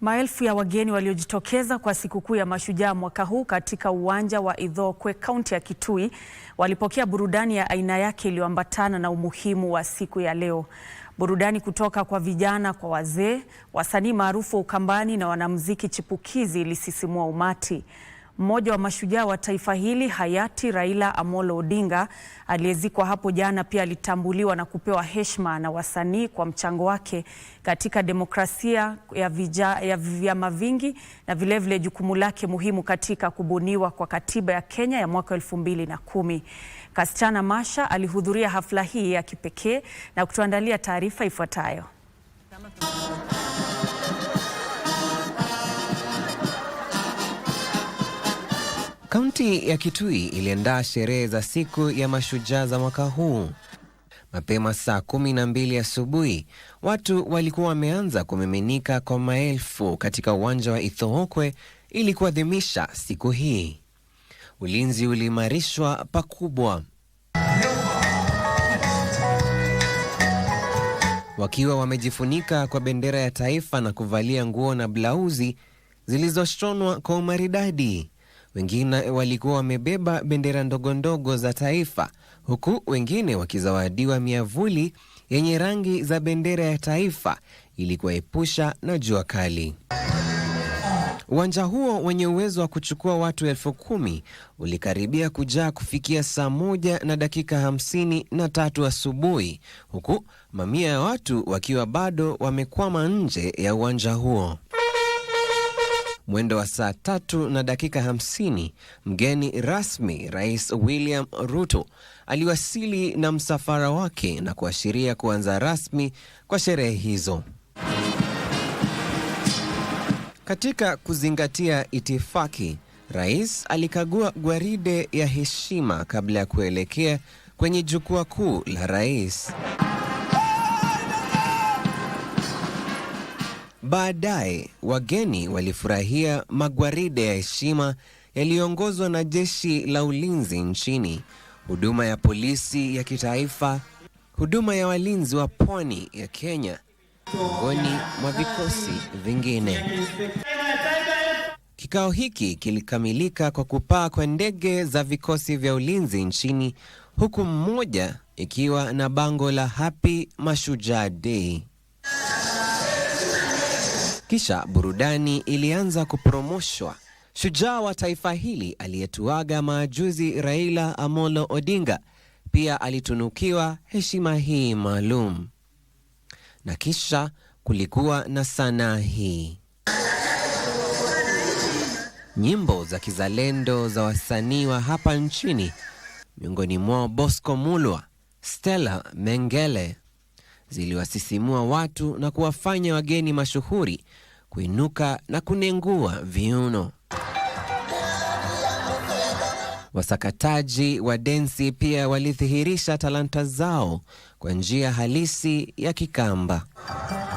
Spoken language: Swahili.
Maelfu ya wageni waliojitokeza kwa sikukuu ya Mashujaa mwaka huu katika uwanja wa Ithookwe kaunti ya Kitui walipokea burudani ya aina yake iliyoambatana na umuhimu wa siku ya leo. Burudani kutoka kwa vijana kwa wazee, wasanii maarufu wa Ukambani na wanamuziki chipukizi ilisisimua umati mmoja wa mashujaa wa taifa hili hayati Raila Amolo Odinga aliyezikwa hapo jana, pia alitambuliwa na kupewa heshima na wasanii kwa mchango wake katika demokrasia ya, vija, ya vyama vingi na vilevile jukumu lake muhimu katika kubuniwa kwa katiba ya Kenya ya mwaka elfu mbili na kumi. Kasichana Masha alihudhuria hafla hii ya kipekee na kutuandalia taarifa ifuatayo. Kaunti ya Kitui iliandaa sherehe za siku ya mashujaa za mwaka huu. Mapema saa kumi na mbili asubuhi, watu walikuwa wameanza kumiminika kwa maelfu katika uwanja wa Ithookwe ili kuadhimisha siku hii. Ulinzi uliimarishwa pakubwa, wakiwa wamejifunika kwa bendera ya taifa na kuvalia nguo na blauzi zilizoshonwa kwa umaridadi. Wengine walikuwa wamebeba bendera ndogo ndogo za taifa, huku wengine wakizawadiwa miavuli yenye rangi za bendera ya taifa ili kuwaepusha na jua kali. Uwanja huo wenye uwezo wa kuchukua watu elfu kumi ulikaribia kujaa kufikia saa moja na dakika hamsini na tatu asubuhi, huku mamia ya watu wakiwa bado wamekwama nje ya uwanja huo. Mwendo wa saa tatu na dakika hamsini, mgeni rasmi Rais William Ruto aliwasili na msafara wake na kuashiria kuanza rasmi kwa sherehe hizo. Katika kuzingatia itifaki, Rais alikagua gwaride ya heshima kabla ya kuelekea kwenye jukwaa kuu la rais. Baadaye wageni walifurahia magwaride ya heshima yaliyoongozwa na jeshi la ulinzi nchini, huduma ya polisi ya kitaifa, huduma ya walinzi wa pwani ya Kenya, miongoni mwa vikosi vingine. Kikao hiki kilikamilika kwa kupaa kwa ndege za vikosi vya ulinzi nchini, huku mmoja ikiwa na bango la Happy Mashujaa Day. Kisha burudani ilianza kupromoshwa. Shujaa wa taifa hili aliyetuaga majuzi Raila Amolo Odinga pia alitunukiwa heshima hii maalum, na kisha kulikuwa na sanaa hii, nyimbo za kizalendo za wasanii wa hapa nchini, miongoni mwao Bosco Mulwa, Stella Mengele ziliwasisimua watu na kuwafanya wageni mashuhuri kuinuka na kunengua viuno. Wasakataji wa densi pia walidhihirisha talanta zao kwa njia halisi ya Kikamba.